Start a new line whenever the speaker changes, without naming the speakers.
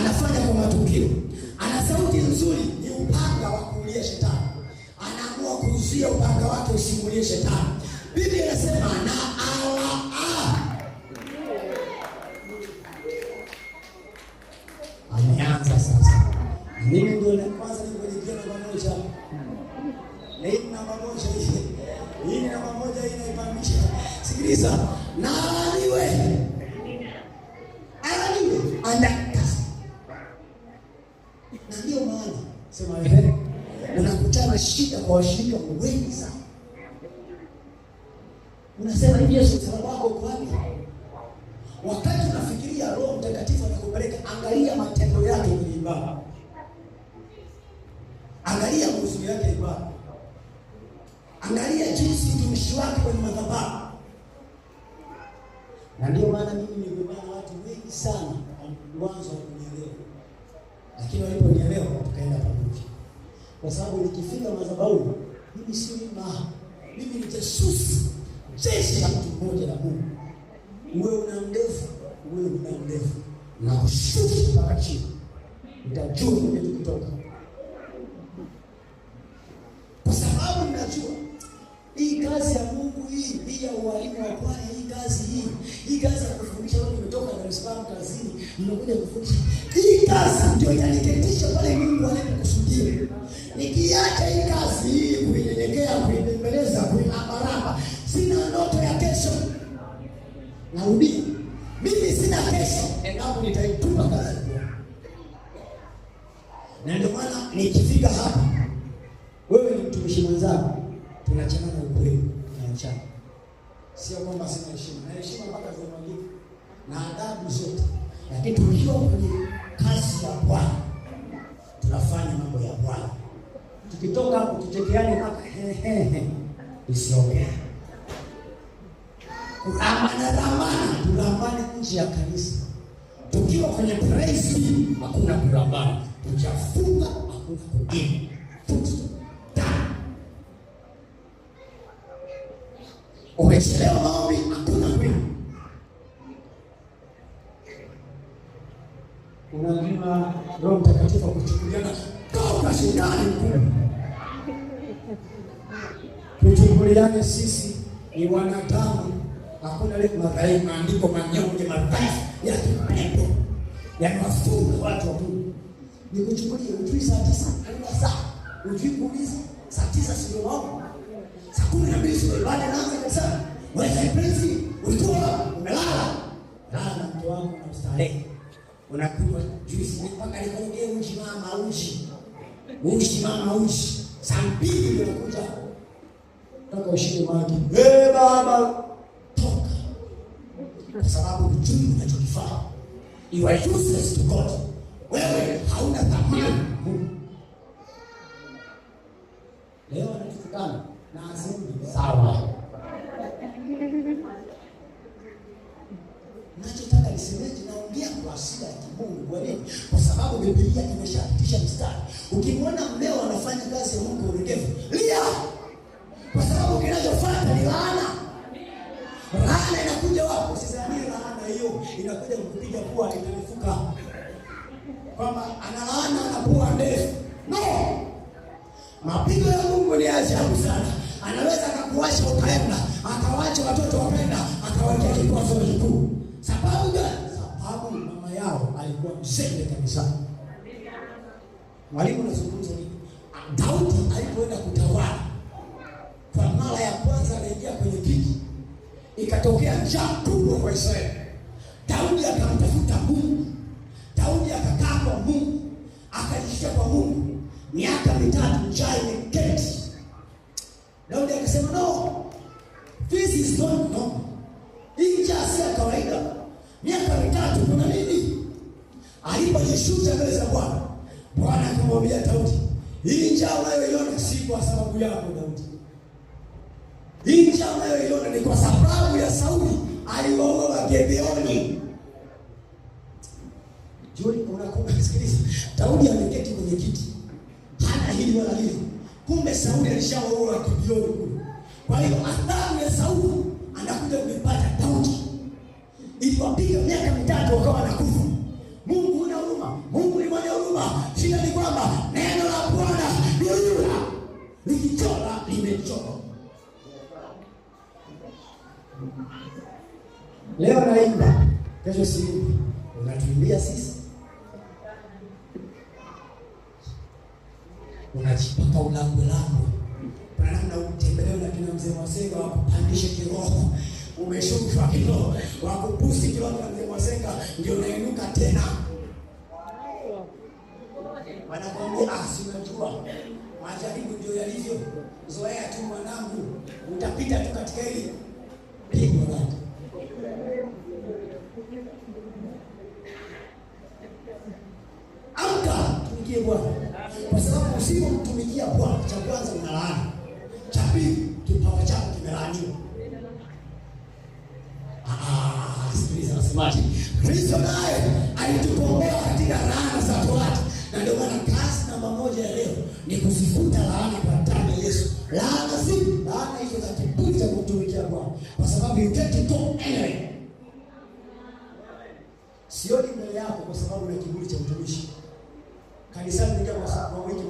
anafanya kwa matukio, ana sauti nzuri, ni upanga wa kuulia shetani, anaamua kuzuia upanga wake usimulie shetani. Biblia inasema na awaa ameanza sasa. Mimi ndio kwanza namba moja, namba moja, hii namba moja inaipandisha. Sikiliza na kuchana shida kwa washirika wengi sana. Unasema hivi, Yesu msalaba wako uko wapi? Wakati unafikiria Roho Mtakatifu anakupeleka, angalia matendo yake kwenye ibada, angalia mahubiri yake ibada, angalia jinsi utumishi wake kwenye madhabahu. Na ndio maana mimi nimegombana watu wengi sana mwanzo wa kunyelewa lakini nyelewa tukaenda pamoja kwa sababu nikifika madhabahu mimi si mbaha, mimi ni jasusi, jeshi la mtu mmoja na Mungu. Uwe una ndevu, uwe una ndevu na kushuki mpaka chini, nitajua nini kutoka, kwa sababu ninajua hii kazi ya Mungu hii hii ya uwalimu wa kwaya hii kazi hii hii kazi ya kufundisha watu kutoka Dar es Salaam kazini, mnakuja kufundisha hii kazi ndio inaniketisha pale Mungu alipokusudia nikiacha hii kazi hii kuinyenyekea, kuinembeleza, kuinabaraba, sina ndoto ya kesho. Narudia, mimi sina kesho endapo nitaituma kazi, na ndio maana nikifika hapa, wewe ni mtumishi mwenzako, tunachanana ukweli, tunachana sio kwamba sina heshima, na heshima mpaka zimwagike na adabu zote, lakini tukiwa kwenye kazi ya Bwana tukitoka kutuchekeane mpaka hehehe, usiongea kuramana ramana, tulambane nje ya kanisa. Tukiwa kwenye praise hakuna kurambana, tukifunga hakuna kujibu umechelewa maombi, hakuna kwenu. Unalima Roho Mtakatifu akuchukulia toka shindani kuu tuchukuliane sisi ni wanadamu. Hakuna ile madhaifu, maandiko manyonge madhaifu ya kipepo ya mafuta watu wa Mungu. Ni kuchukulia ujui saa tisa kuenda saa ujui kuuliza saa tisa sio mambo saa kumi na mbili sio baada ya naanza kabisa. Wewe saipenzi ulitoa umelala lala, mtu wangu na ustarehe unakunywa juisi mpaka nikaongea uji mama uji uji mama uji saa mbili unakuja mpaka ushike maji. Hey, ee Baba toka, kwa sababu hujui unachokifanya. You are useless to God. Wewe hauna thamani. Leo anatukana na asemi sawa. Nachotaka nisemeje? Naongea kwa asili ya Kimungu. Kwa nini? Kwa sababu Biblia imeshapitisha mstari. Ukimwona mmeo anafanya kazi ya Mungu urekevu inakuja kukupiga pua inarefuka, kwamba analaana na pua ndefu. No, mapigo ya Mungu ni ajabu sana. Anaweza akakuacha ukaenda, akawacha watoto wapenda, akawekea kikwazo kikuu. Sababu Sababu mama yao alikuwa msende kabisa. Mwalimu, nazungumza nini? Daudi alipoenda kutawala kwa mara ya kwanza, anaingia kwenye kiti, ikatokea njaa kubwa kwa Israeli. Daudi akamtafuta Mungu, Daudi akakaa kwa Mungu, akaishia kwa Mungu miaka mitatu, njaa imeketi. Daudi akasema no, this is not normal, hii njaa si ya kawaida, miaka mitatu, kuna nini? Alipojishusha mbele za Bwana, Bwana akamwambia Daudi, hii njaa unayoiona si kwa sababu yako Daudi, hii njaa unayoiona ni kwa sababu ya Sauli aliwaua Wagebeoni. Jioni unakumbuka, sikiliza, Daudi ameketi kwenye kiti, hana hili wala hili. Kumbe Sauli alishaoa kibioni kule. Kwa hiyo adhabu ya Sauli anakuja kumpata Daudi, iliwapiga miaka mitatu wakawa wanakufa. Mungu una huruma, Mungu ni mwenye huruma. Shida ni kwamba neno la Bwana ni huruma, likichora limechora. Leo naimba, kesho siku unatuimbia sisi unajipaka ulango lango. Branamu utembeleo lakini mzee Masenga wakupandishe kiroho. Umeshushwa kiroho. Wakupusi kiroho na mzee Masenga ndio unainuka tena. Wanakwambia ah, si unajua. Majaribu ndio yalivyo. Zoea tu mwanangu. Utapita tu katika hili. Pigo lako. Amka, tungie Bwana. Smart. Kristo naye alitukomboa katika laana za Torati, na ndio maana kazi namba moja ya leo ni kuzifuta laana kwa damu ya Yesu. Laana si laana hizo za kiburi cha kumtumikia Bwana, kwa sababu you get it all anyway. Sioni mbele yako kwa sababu una kiburi cha utumishi kanisani, nikiwa kwa wiki